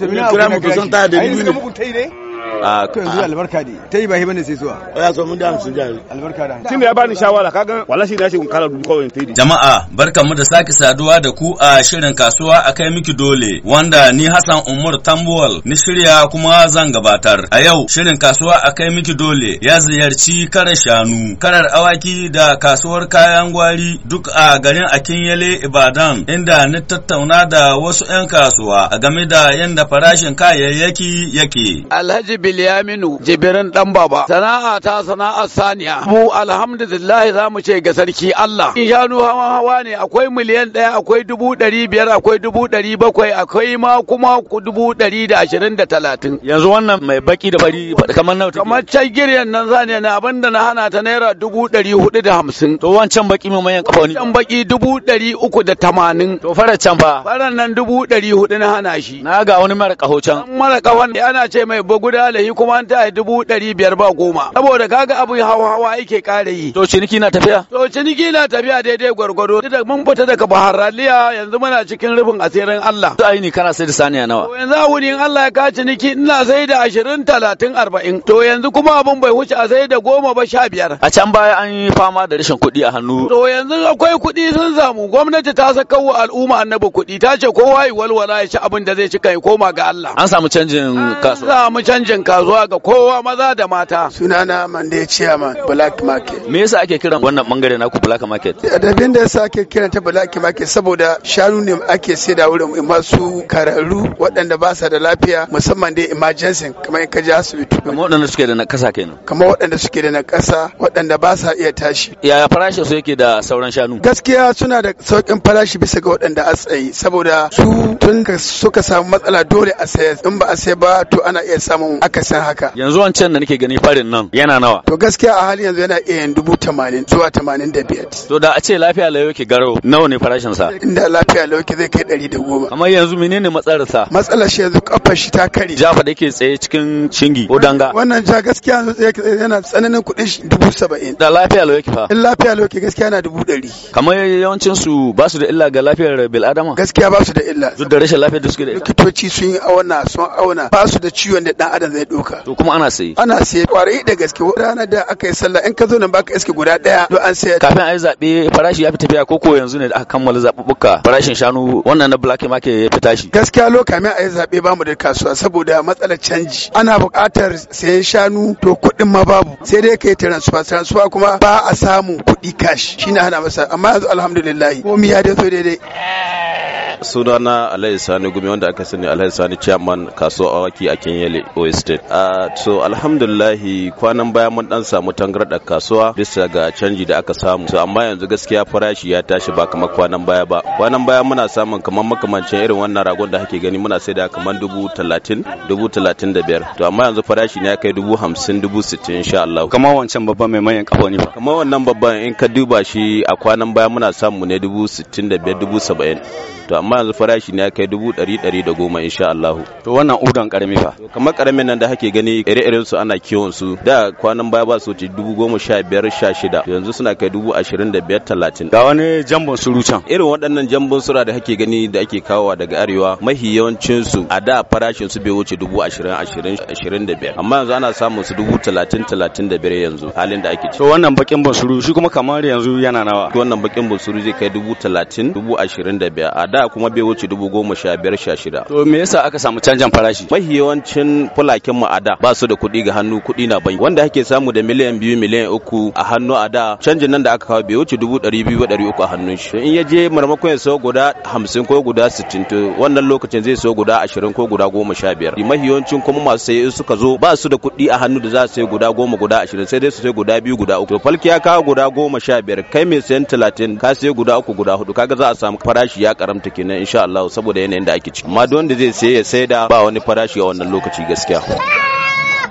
Tuna kira mu kusan ta da ni ne. to ah, ah, yanzu albarka ne ta yi sai oh, ya so mun da hamsin albarka da tun da ya bani shawara kaga wallahi shi kala dubu kawai jama'a barkanmu da sake saduwa da ku a shirin kasuwa akai miki dole wanda ni Hassan Umar Tambuwal ni shirya kuma zan gabatar a yau shirin kasuwa akai miki dole ya ziyarci karar shanu karar awaki da kasuwar kayan gwari duk a garin Akinyele Ibadan inda ni tattauna da wasu 'yan kasuwa a game da yadda farashin kayayyaki yake. Alhaji Bilyaminu Jibirin dan baba sana'a ta sana'ar saniya mu alhamdulillah za mu ce ga sarki Allah shanu hawa hawa ne akwai miliyan ɗaya akwai dubu ɗari biyar akwai dubu ɗari bakwai akwai ma kuma dubu ɗari da ashirin da talatin yanzu wannan mai baki da bari kamar nawa kamar can giryan nan zane na abin da na hana ta naira dubu ɗari hudu da hamsin to wancan baki mai mayan kafa ne wancan baki dubu ɗari uku da tamanin to farar can fa farar nan dubu ɗari hudu na hana shi na ga wani mara kaho can mara kahon ana ce mai baguda lahi kuma an yi dubu ɗari biyar ba goma saboda kaga abu hawa hawa yake ƙara yi to ciniki na tafiya to ciniki na tafiya daidai gwargwado da mun fita daga baharaliya yanzu muna cikin rufin asirin Allah to ni kana sai da saniya nawa to yanzu a in Allah ya ka ciniki ina sai da ashirin talatin arba'in to yanzu kuma abun bai wuce a sai da goma ba sha biyar a can baya an yi fama da rashin kuɗi a hannu to yanzu akwai kuɗi sun samu gwamnati ta saka wa al'umma annabi kuɗi ta ce kowa yi walwala ya ci abin da zai ci kai koma ga Allah an samu canjin kasuwa an samu canjin Ka zuwa ga kowa maza da mata. Sunana Mande Chairman Black Market. Me yasa ake kiran wannan bangare naku Black Market? Eh, abin da yasa ake kiran ta Black Market saboda shanu ne ake saida wurin masu kararru waɗanda ba sa da lafiya musamman da emergency kamar in ka ji asibiti. Kamar waɗanda suke da na ƙasa kenan. Kamar waɗanda suke da na ƙasa waɗanda ba sa iya tashi. Yaya farashin su yake da sauran shanu? Gaskiya suna da sauƙin farashi bisa ga waɗanda a tsaye saboda su tun suka samu matsala dole a saya in ba a saya ba to ana iya samun ka san haka yanzu wancan da nake gani farin nan yana nawa to gaskiya a halin yanzu yana iya dubu tamanin zuwa tamanin da biyar to da a ce lafiya lau yake garau nawa ne farashin sa inda lafiya lau yake zai kai ɗari da goma amma yanzu menene matsalar sa matsalar shi yanzu kafar shi ta kare jafa da yake tsaye cikin shingi ko danga wannan ja gaskiya yana tsananin kuɗin shi dubu saba'in da lafiya lau yake fa in lafiya lau yake gaskiya yana dubu ɗari kamar yawancin su ba su da illa ga lafiyar adama gaskiya ba su da illa duk da rashin lafiyar da suke da likitoci sun yi auna sun auna ba su da ciwon da dan adam zai duka to kuma ana sayi ana sayi kwarai da gaske ranar da aka yi sallah in ka zo nan baka iske guda daya to an sai. kafin a yi zabe farashi ya fi tafiya ko ko yanzu ne da aka kammala zaɓuɓɓuka farashin shanu wannan na black market ya fi tashi gaskiya lokacin a yi zabe bamu da kasuwa saboda matsalar canji ana buƙatar sayan shanu to kuɗin ma babu sai dai kai transfer transfer kuma ba a samu kuɗi cash shine ana masa amma yanzu alhamdulillah komai ya dace daidai sunana alhaji sani gumi wanda aka sani alhaji sani chairman kasuwar awaki a kenya oyo a uh, so alhamdulillahi kwanan bayan mun dan samu tangarɗar kasuwa bisa ga canji da aka samu so amma yanzu gaskiya farashi ya tashi ba kamar kwanan baya ba kwanan baya muna samun kamar makamancin irin wannan ragon da kake gani muna saida kamar dubu talatin dubu talatin da biyar to amma yanzu farashi ne ya kai dubu hamsin dubu sittin insha Allah kamar wancan babban mai manyan kafa ne kamar wannan babban in ka duba shi a kwanan baya muna samu ne dubu sittin da biyar dubu saba'in to amma yanzu farashi ne ya kai dubu ɗari ɗari da goma insha Allahu. To wannan udon karami fa. Kamar karamin nan da hake gani ire-iren su ana kiwon su da kwanan baya ba su ci dubu goma sha biyar sha shida yanzu suna kai dubu ashirin da biyar talatin. Ga wani jambon suru can. Irin waɗannan jambon sura da hake gani da ake kawowa daga arewa mahi yawancin su a da farashin su bai wuce dubu ashirin ashirin ashirin da biyar amma yanzu ana samun su dubu talatin talatin da biyar yanzu halin da ake ci. To wannan bakin bunsuru shi kuma kamar yanzu yana nawa. Wannan bakin bunsuru zai kai dubu talatin dubu ashirin da biyar a da kuma bai wuce dubu goma sha biyar sha shida. To me yasa aka samu canjin farashi? Mafi yawancin fulakin mu a da ba su da kuɗi ga hannu kuɗi na banki wanda ake samu da miliyan biyu miliyan uku a hannu a da canjin nan da aka kawo bai wuce dubu ɗari biyu ɗari uku a hannun shi. In ya je marmakon ya sau guda hamsin ko guda sittin to wannan lokacin zai sau guda ashirin ko guda goma sha biyar. Mafi yawancin kuma masu saye suka zo ba su da kuɗi a hannu da za su sai guda goma guda ashirin sai dai su sai guda biyu guda uku. To falki ya kawo guda goma sha biyar kai mai sayan talatin ka sai guda uku guda hudu kaga za a samu farashi ya karamta ta kenan insha Allah saboda yanayin da ake ciki amma duk wanda zai saye ya da ba wani farashi a wannan lokaci gaskiya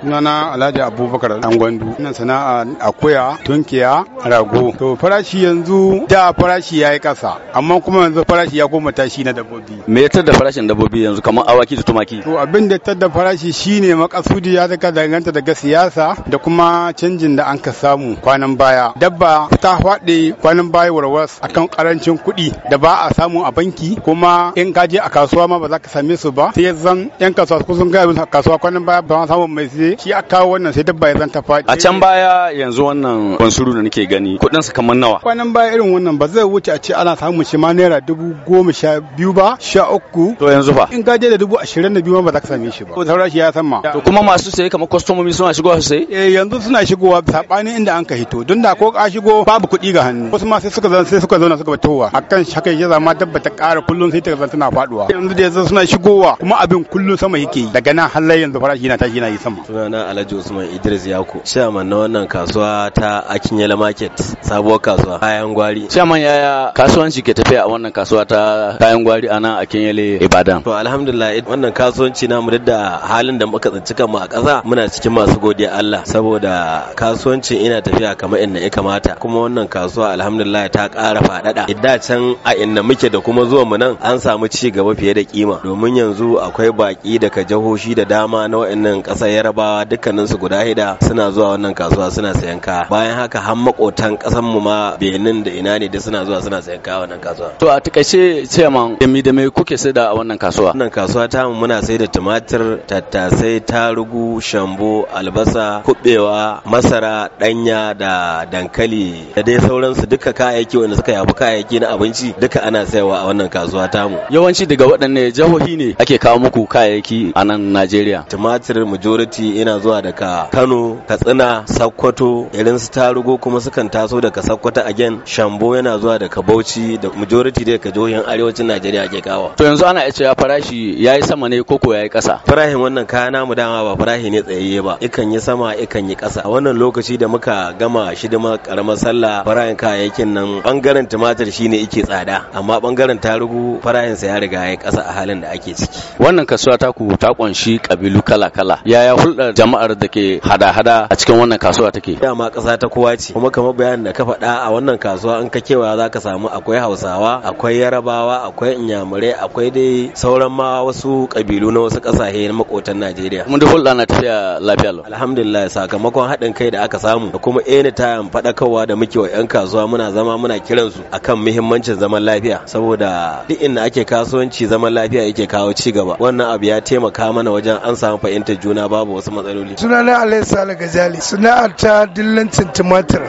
sunana Alhaji Abubakar dan gwandu nan sana'a akuya tunkiya rago to farashi yanzu da farashi yi kasa amma kuma yanzu farashi ya koma tashi na dabbobi me ya tada farashin dabbobi yanzu kamar awaki da tumaki to abin da tada farashi shine makasudi ya daga danganta daga siyasa da kuma canjin da an ka samu kwanan baya dabba ta faɗi kwanan baya warwas akan karancin kuɗi da ba a samu a banki kuma in ka je a kasuwa ma ba za ka same su ba sai zan yan kasuwa kusan ga kasuwa kwanan baya ba samu mai waje shi a kawo wannan sai dabba ya zanta faɗi a can baya yanzu wannan kwansuru da nake gani kuɗin sa kamar nawa kwanan baya irin wannan ba zai wuce a ce ana samun shi ma naira dubu goma sha biyu ba sha uku to yanzu fa in gaje da dubu ashirin da biyu ma ba za ka same shi ba ko saura shi ya san ma to kuma masu saye kamar kwastomomi suna shigowa su sai eh yanzu suna shigowa sabanin inda an ka hito don da ko ka shigo babu kuɗi ga hannu wasu ma sai suka zan sai suka zauna suka batowa akan shaka ya zama dabba ta ƙara kullun sai ta zanta tana faɗuwa yanzu da yanzu suna shigowa kuma abin kullun sama yake daga nan har yanzu farashi yana tashi yana yi sama sunana Alhaji Usman Idris Yako chairman na wannan kasuwa ta Akinyele Market sabuwar kasuwa kayan gwari chairman yaya kasuwanci ke tafiya a wannan kasuwa ta kayan gwari a nan Akinyele Ibadan to alhamdulillah wannan kasuwanci na mu da halin da muka tsinci kanmu a ƙasa muna cikin masu godiya Allah saboda kasuwanci ina tafiya kamar inda ya kamata kuma wannan kasuwa alhamdulillah ta ƙara faɗaɗa idda can a inda muke da kuma zuwa mu nan an samu ci gaba fiye da kima domin yanzu akwai baki daga jahohi da dama na wa'annan ƙasar Yaraba dukkanin dukkaninsu guda hida suna zuwa wannan kasuwa suna sayan kaya bayan haka har makotan kasan mu ma benin da ina ne duk suna zuwa suna sayan kaya wannan kasuwa to a takaice chairman da mi da me kuke saida a wannan kasuwa wannan kasuwa ta mu muna saida tumatir tattasai tarugu shambo albasa kubewa masara danya da dankali da dai sauransu duka kayayyaki wanda suka yafi kayayyaki na abinci duka ana sayarwa a wannan kasuwa tamu yawanci daga waɗanne jihohi ne ake kawo muku kayayyaki a nan Najeriya tumatir majority Yana zuwa daga Kano Katsina Sokoto irin su tarugo kuma sukan taso daga Sokoto again Shambo yana zuwa daga Bauchi da majority daga jihohin arewacin Najeriya ake kawo to yanzu ana cewa farashi yayi sama ne koko yayi kasa farahin wannan kaya namu dama ba farahi ne tsayayye ba ikan yi sama ikan yi kasa a wannan lokaci da muka gama shidima karamar sallah farahin kayayyakin nan bangaren tumatir shine yake tsada amma bangaren tarugu farahin sa ya riga yayi kasa a halin da ake ciki wannan kasuwa ta ku ta kunshi kabilu kala kala yaya hulɗa ɓangaren jama'ar da ke hada-hada a cikin wannan kasuwa take ma ƙasa ta kowa ce kuma kamar bayanin da ka faɗa a wannan kasuwa in ka kewa za ka samu akwai hausawa akwai yarabawa akwai inyamurai akwai dai sauran ma wasu ƙabilu na wasu ƙasashe na makotan najeriya Mun da hulɗa na tafiya lafiya lau alhamdulillah sakamakon haɗin kai da aka samu da kuma eni tayan faɗakarwa da muke wa 'yan kasuwa muna zama muna kiran kiransu akan muhimmancin zaman lafiya saboda duk inda ake kasuwanci zaman lafiya yake kawo ci gaba wannan abu ya taimaka mana wajen an samu fahimtar juna babu wasu matsaloli Suna sunana alai sale gazali Suna ta dillancin tumatir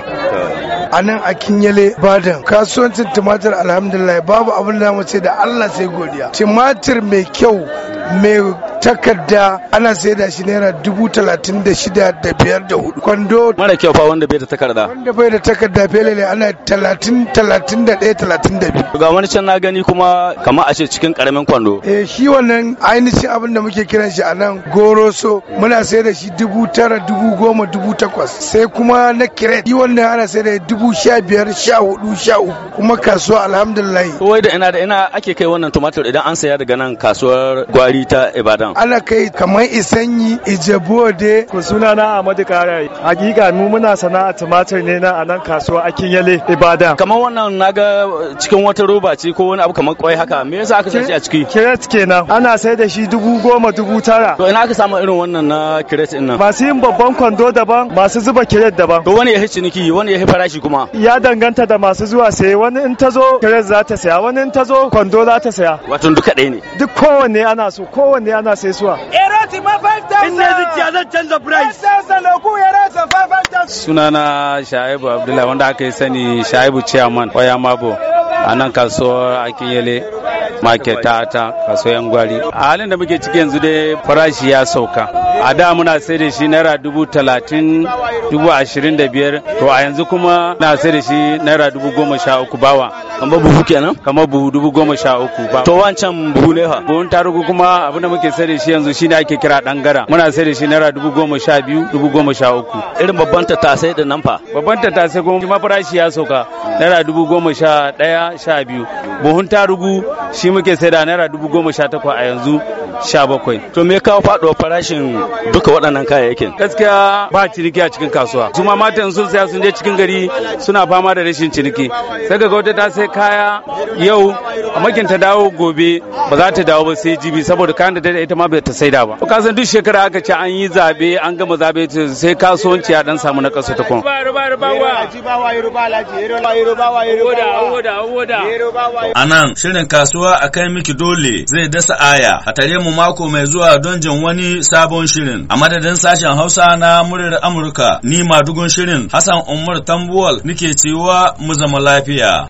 a nan a kinyale badan kasuwancin tumatir alhamdulillah babu abin da mace da allah sai godiya tumatir mai kyau mai takarda ana sai da shi naira dubu talatin da shida da biyar da hudu kwando mara kyau fa wanda bai da takarda wanda bai da takarda felele ana talatin talatin da ɗaya talatin da biyu ga wani can na gani kuma kama a ce cikin karamin kwando eh shi wannan ainihin abin da muke kiran shi a nan goroso muna sai da shi dubu tara dubu goma dubu takwas sai kuma na kiret shi wannan ana sai da dubu sha biyar sha hudu sha uku kuma kasuwa alhamdulillah wai da ina da ina ake kai wannan tumatir idan an saya daga nan kasuwar gwari gari ta Ibadan. Allah kai kamar yi ijebode. Ku suna na Ahmadu Karayi. Hakika mu muna sana'a tumatir ne na a nan kasuwa a yale Ibadan. Kamar wannan naga cikin wata roba ce ko wani abu kamar kwai haka me yasa aka sace a ciki? Kiret kenan. Ana sai da shi dubu goma dubu tara. To ina aka samu irin wannan na kiret din nan? Masu yin babban kwando daban masu zuba kiret daban. To wani ya hi ciniki wani ya hi farashi kuma? Ya danganta da masu zuwa saye wani in ta zo kiret za ta saya wani in ta zo kwando za ta saya. Wato duka ɗaya ne. Duk kowanne ana so. kowanne yana sai suwa eroti ma 5000 in ne zuciya zan canza price sa loku ya rasa 5000 sunana shaibu Abdullah wanda aka yi sani shaibu chairman oya mabo a nan kasuwar akinyele market ta ta kasuwar yan gwari a halin da muke ciki yanzu dai farashi ya sauka a da muna sai da shi naira dubu talatin dubu ashirin da biyar to a yanzu kuma na sai da shi naira dubu goma sha uku bawa kamar buhu kenan kamar buhu dubu goma sha uku ba to wancan buhu ne ha buhun tarugu kuma abin da muke sai da shi yanzu shine ake kira dangara muna sai da shi naira dubu goma sha biyu dubu goma sha uku irin babban tattasai da nan fa babban tattasai kuma kuma farashi ya sauka naira dubu goma sha ɗaya sha biyu buhun tarugu shi muke sai da naira dubu goma sha takwas a yanzu sha bakwai to me kawo faɗuwar farashin duka waɗannan kayayyakin gaskiya ba ciniki a cikin kasuwa su matan sun saya sun je cikin gari suna fama da rashin ciniki sai ga wata ta sai kaya yau a makin ta dawo gobe ba za ta dawo ba sai jibi saboda kayan da ita ma bai ta saida ba ka san duk shekara aka ce an yi zabe an gama zabe sai kasuwanci ya dan samu na kasu ta kuma a nan shirin kasuwa a kai miki dole zai dasa aya a tare mu mako mai zuwa don jin wani sabon shi shirin a madadin sashen Hausa na muryar Amurka ni madugun shirin Hassan Umar Tambuwal nike cewa mu zama lafiya